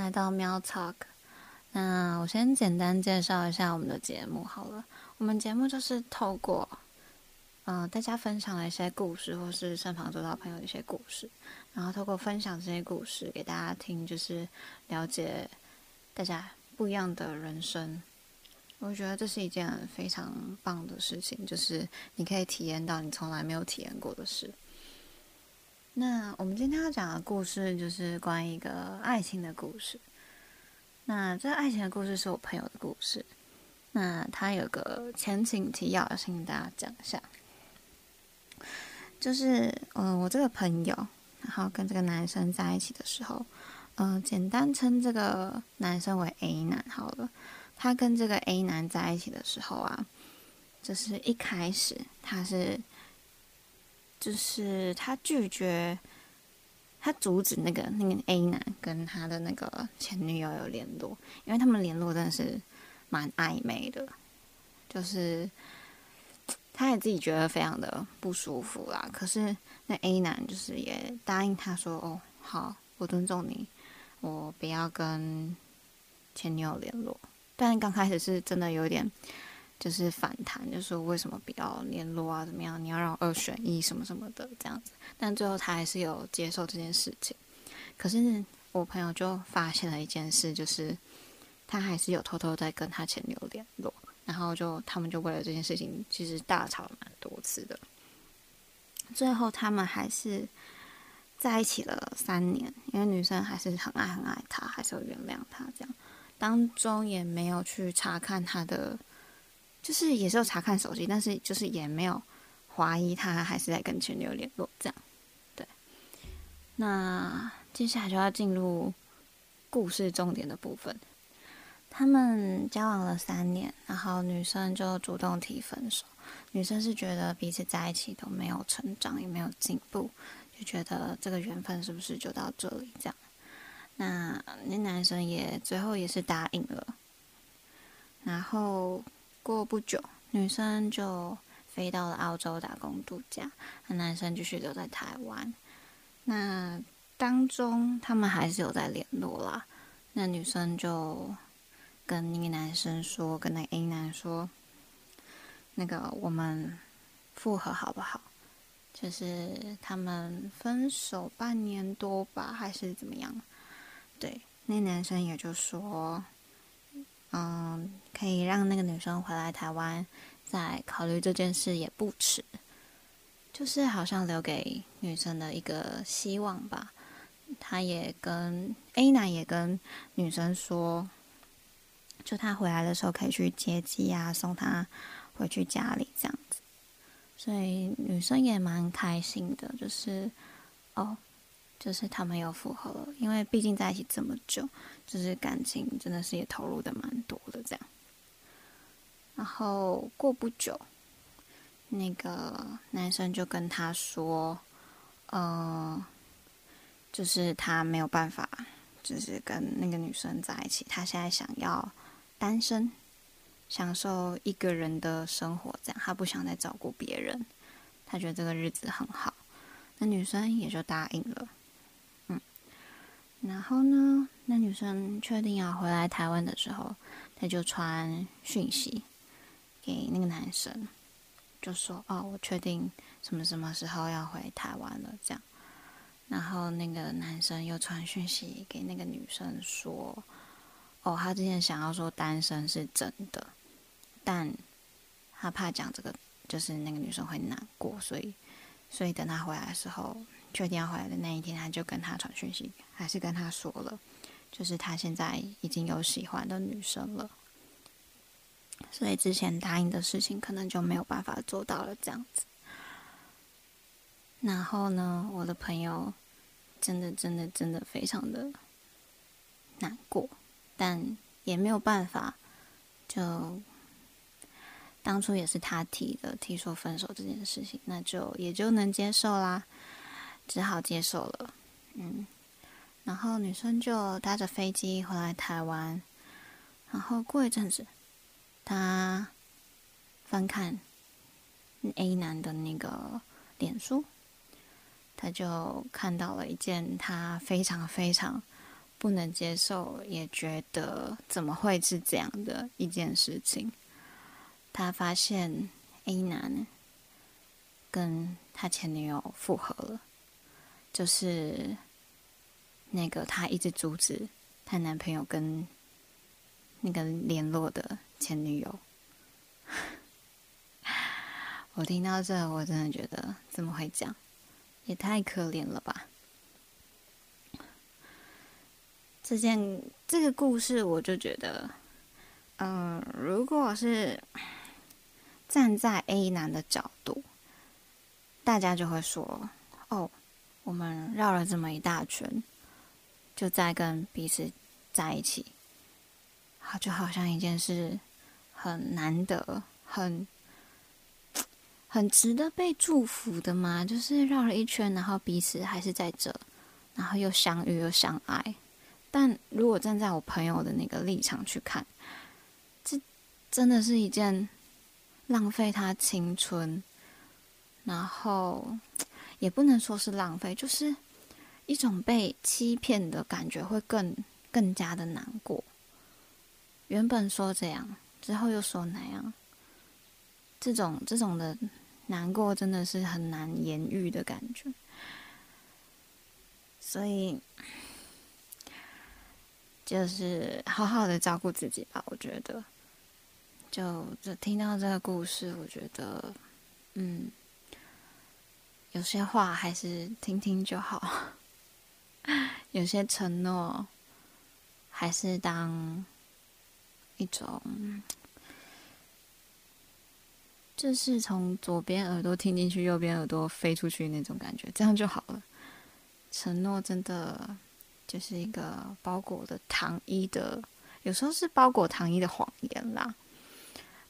來到喵 Talk，那我先簡單介紹一下我們的節目好了。我們節目就是透過，呃，大家分享了一些故事，或是身旁周遭朋友的一些故事，然後透過分享這些故事給大家聽，就是了解大家不一樣的人生。我覺得這是一件非常棒的事情，就是你可以體驗到你從來沒有體驗過的事。那我們今天要講的故事就是關於一個愛情的故事。那這愛情的故事是我朋友的故事。那他有個前情提要，先跟大家講一下。就是，嗯、呃，我這個朋友，然後跟這個男生在一起的時候，嗯、呃，簡單稱這個男生為 A 男好了。他跟這個 A 男在一起的時候啊，就是一開始他是。就是他拒絕，他阻止那個那個 A 男跟他的那個前女友有聯絡，因為他們聯絡真的是蠻曖昧的，就是他也自己覺得非常的不舒服啦。可是那 A 男就是也答應他說：“哦，好，我尊重你，我不要跟前女友聯絡。”但剛開始是真的有點。就是反彈，就是為什麼不要聯絡啊？怎麼樣？你要讓二選一什麼什麼的這樣子。但最後他還是有接受這件事情。可是我朋友就發現了一件事，就是他還是有偷偷在跟他前女友聯絡。然後就他們就為了這件事情，其實大吵了蠻多次的。最後他們還是在一起了三年，因為女生還是很愛很愛他，還是有原諒他這樣。當中也沒有去查看他的。就是也是有查看手機，但是就是也沒有懷疑他還是在跟前女友聯絡這樣，對。那接下來就要進入故事重點的部分。他們交往了三年，然後女生就主動提分手。女生是覺得彼此在一起都沒有成長，也沒有進步，就覺得這個緣分是不是就到這裡這樣？那那男生也最後也是答應了，然後。過不久，女生就飛到了澳洲打工度假，那男生繼續留在台灣。那當中他們還是有在聯絡啦。那女生就跟那個男生說，跟那個 A 男說，那個我們復合好不好？就是他們分手半年多吧，還是怎麼樣？對，那男生也就說。嗯，可以讓那個女生回來台灣，再考慮這件事也不遲。就是好像留給女生的一個希望吧。他也跟 A 男也跟女生說，就他回來的時候可以去接機呀，啊，送他回去家裡這樣子。所以女生也蠻開心的，就是哦。就是他沒有復合了，因為畢竟在一起這麼久，就是感情真的是也投入的蠻多的這樣。然後過不久，那個男生就跟她說，呃，就是他沒有辦法，就是跟那個女生在一起，他現在想要單身，享受一個人的生活，這樣他不想再照顧別人，他覺得這個日子很好。那女生也就答應了。然後呢，那女生確定要回來台灣的時候，她就傳訊息給那個男生，就說：“哦，我確定什麼什麼時候要回台灣了。”這樣。然後那個男生又傳訊息給那個女生，說：“哦，他之前想要說單身是真的，但他怕講這個，就是那個女生會難過，所以，所以等他回來的時候。”確定要回來的那一天，他就跟他傳訊息，還是跟他說了，就是他現在已經有喜歡的女生了，所以之前答應的事情可能就沒有辦法做到了，這樣子。然後呢，我的朋友真的真的真的非常的難過，但也沒有辦法，就當初也是他提的，提出分手這件事情，那就也就能接受啦。只好接受了，嗯，然後女生就搭着飛機回來台灣，然後過一陣子，她翻看 A 男的那個臉書，她就看到了一件她非常非常不能接受，也覺得怎麼會是這樣的一件事情。她發現 A 男跟他前女友復合了。就是那個她一直阻止她男朋友跟那個聯絡的前女友。我聽到這，我真的覺得怎麼會講，也太可憐了吧！這件這個故事，我就覺得，嗯、呃，如果是站在 A 男的角度，大家就會說哦。我們繞了這麼一大圈，就再跟彼此在一起，好，就好像一件事很難得，很很值得被祝福的嘛。就是繞了一圈，然後彼此還是在這，然後又相遇又相愛。但如果站在我朋友的那個立場去看，這真的是一件浪費他青春，然後。也不能說是浪費，就是一種被欺騙的感覺，會更更加的難過。原本說這樣，之後又說那樣，這種這種的難過真的是很難言喻的感覺。所以，就是好好的照顧自己吧，我覺得。就就聽到這個故事，我覺得，嗯。有些話還是聽聽就好，有些承諾還是當一種，就是從左邊耳朵聽進去，右邊耳朵飛出去那種感覺，這樣就好了。承諾真的就是一個包裹的糖衣的，有時候是包裹糖衣的謊言啦，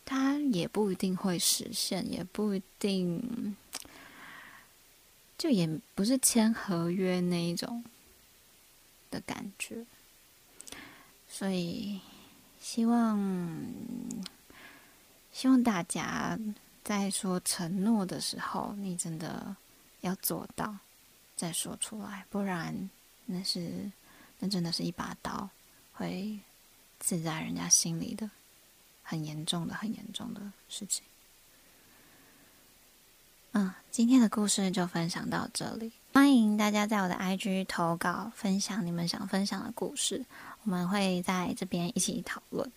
它也不一定會實現，也不一定。就也不是簽合約那一種的感覺，所以希望希望大家在說承諾的時候，你真的要做到再說出來，不然那是那真的是一把刀，會刺在人家心裡的，很嚴重的、很嚴重的事情。嗯，今天的故事就分享到這裡。歡迎大家在我的 IG 投稿，分享你們想分享的故事，我們會在這邊一起討論。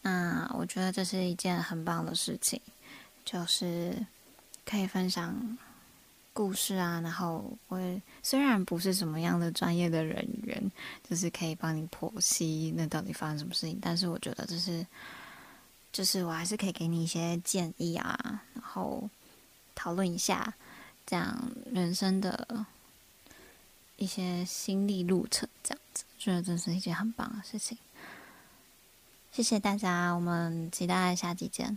那我覺得這是一件很棒的事情，就是可以分享故事啊。然後我也雖然不是什麼樣的專業的人員，就是可以幫你剖析那到底發生什麼事情，但是我覺得這是就是我還是可以給你一些建議啊，然後。討論一下，講人生的一些心路歷程，這樣子，所以這是一件很棒的事情。謝謝大家，我們期待下期見。